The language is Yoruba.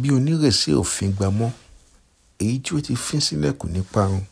bí onírèsí òfin gbámọ́ èyí tí ó ti fín sílẹ̀kùn ní parun